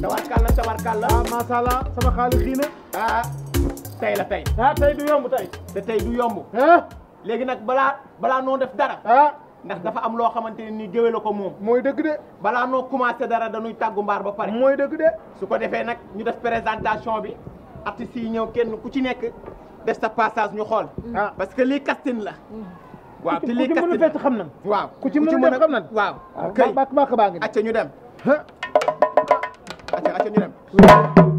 tabarkalla tabarkalla ah macha allah sama xaalis xii na ah tey la tey ah du yomb tey te tey du yomb ah. léegi nag balaa balaa noo def dara ah. ndax dafa am loo xamante ne nii géwél la ko moom mooy dëgg de balaa noo commencé dara dañuy tàggu mbaar ba pare mooy dëgg de su ko defee nag ñu def présentation bi artistes yi ñëw kenn ku ci nekk def sa passage ñu xool ah. parce que lii casting la mm. waaw te lii casting ku ci mën a xam na waaw ku ci mën a def xam na waaw kay bàkk bàkk baa ngi acca ñu dem acca acca ñu dem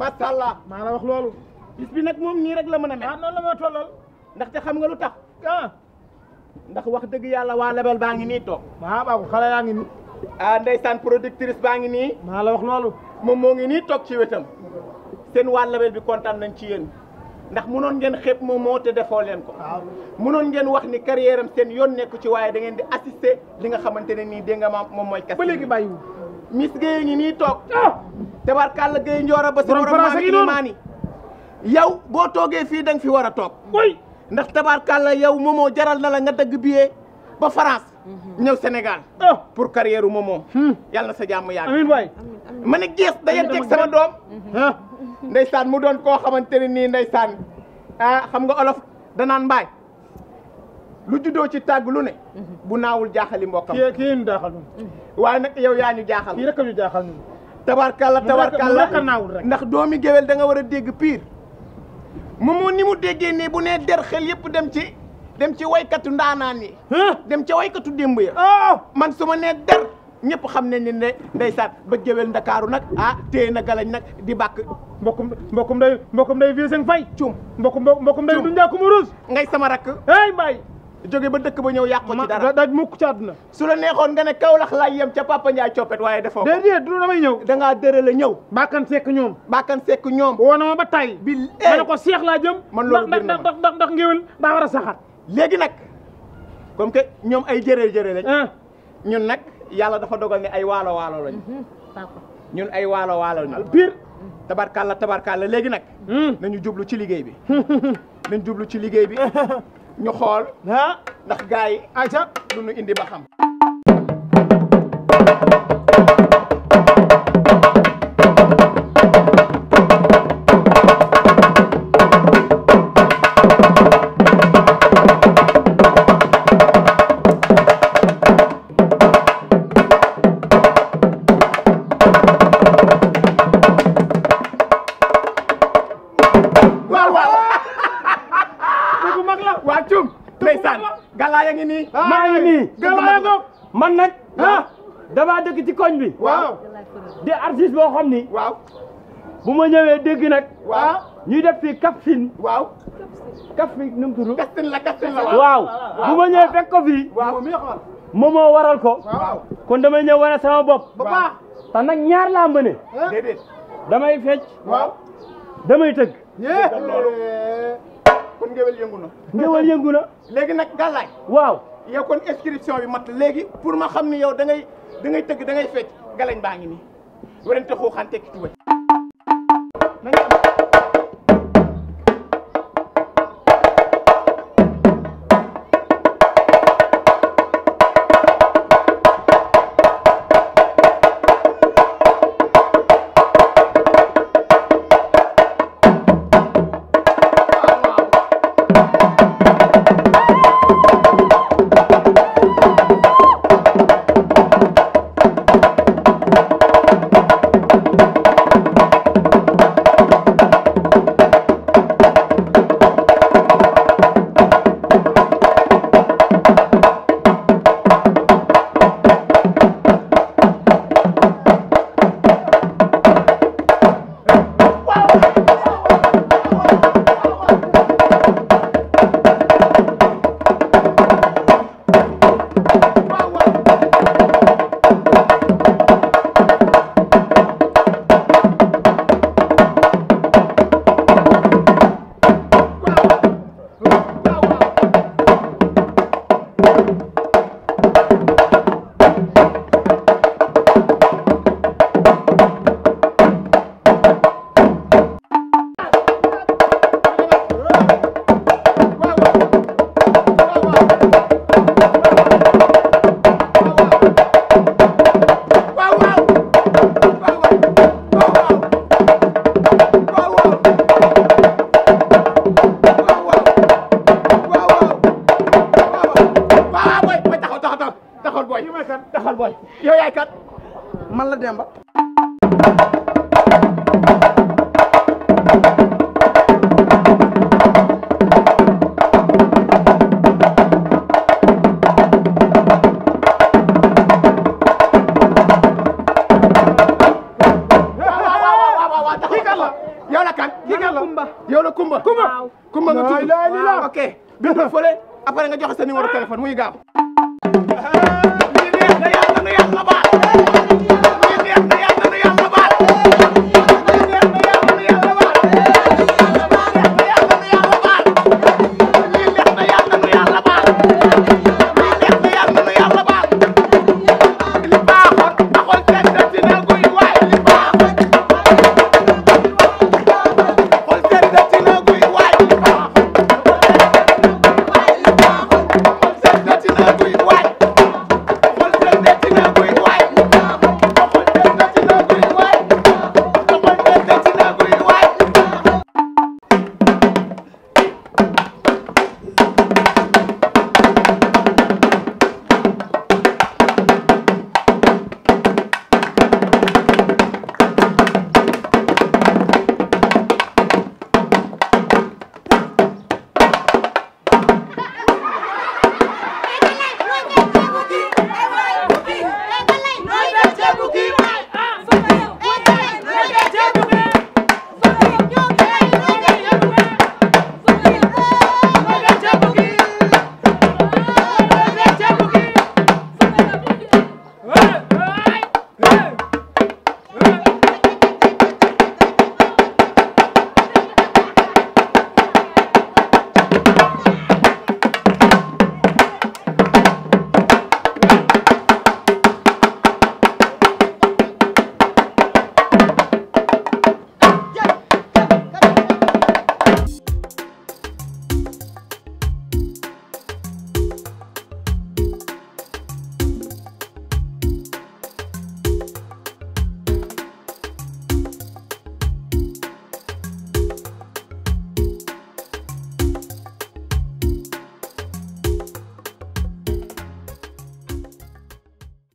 macha allah maa la wax loolu. bis bi nag moom nii rek la mën a mel. ah noonu la ma xam nga lu tax. ah. ndax wax dëgg yàlla waa lebel baa ngi nii toog. waaw ah, waaw xale yaa ngi nii. ah ndeysaan productrice baa ngi nii. maa la wax loolu. moom moo ngi nii toog ci wetam. seen waa lebel bi kontaan nañ ci yéen. ndax munoon ngeen xeeb moom moo te defoo leen ko. waaw ah. munoon ngeen wax ni carrière am seen yoon nekku ci waaye da ngeen di assister li nga xamante ne nii dégg nga maam moom mooy. kese ba léegi bàyyiwul. Miss Gueye ni nii toog tabarkàlla gey ndiora ba si borom imani yow bo toogee fi dang fi wara tok toog ndax tabarkàlla yow momo jaral mhm. ah. hmm. na la nga dagg billet ba France ñew Sénégal pour carrière momo yalla na sa jamm yaa amin way mané ne da dayen teg sama dom mhm. ndaysan mu don ko xamanteni ni ndaysan ah xam nga olof nan mbaay lu juddoo ci tàgg lu ne. Mhm. bu naawul jaaxali mbokkam. kii kii ñu jaaxal ñun. Mhm. waaye nag yow yaa ñu jaaxal. kii rek ñu jaaxal ñun. tabarkalla tabarkalla mu naawul rek. ndax doomi géwél danga war a dégg pire. moom ni mu déggee nii bu nee der xel yëpp dem ci dem ci waykatu ndaanaan yi. dem ca waykatu démb ya. Oh! man su ma nee der ñëpp xam nañ ne ne ndeysaan ba géwél ndakaaru nag ah téye na galañ nag di bàkk. mbokum mbokum day mbokum day vieux sëñ fay. cum mbokum mbokum day du njaakum ruus. sama rakk. jóge ba dëkk ba ñëw yàq ko ci dara daj ci àdduna su la neexoon nga ne Kaolack laay yem ca Papa Ndiaye coppet waaye defoo ko déedéet du damay ñëw da ngaa dërale ñëw bàkkan sekk ñoom bàkkan sekk ñoom woo na ma ba tay bi ma ne eh. ko seex laa jëm man loolu ndax ndax ndax ndax ngéwél daa war a saxaat léegi nag comme que ñoom ay jëree jëree lañ ah. ñun nag yàlla dafa dogal ne ay waalo waalo lañ mhm. ñun ay waalo waalo lañ biir tabarkalla tabarkalla léegi nag hmm. nañu jublu ci liggéey bi nañ jublu ci liggéey bi ñu xool ah ndax gars yi aca lu nu indi ba xam damaa dëkk ci koñ bi. waaw di artiste boo xam ni. waaw bu ma ñëwee dégg nag. waaw ñuy def fii Kaffrine. waaw. Kaffrine nu mu tudd. Kaffrine la waaw. bu ma ñëwee fekk ko fii. moom moo waral ko. kon damay ñëw wane sama bopp. ba baax te nag ñaar laa mëne. damay fecc. waaw damay tëgg. kon ngéwél yëngu na. ngéwél yëngu na. léegi nag gàllaay. waaw yow kon inscription bi mat léegi pour ma xam ni yow dangay da ngay tëgg da ngay fecc galañ baa ngi nii werante xooxaan tekki tubay nag taxal booy yow yaay kat man la Demba. yow la Kumba Kumba Kumba nga tudd ah, ok bi nga fële après nga joxe sa numéro téléphone muy gaaw ¡Gracias!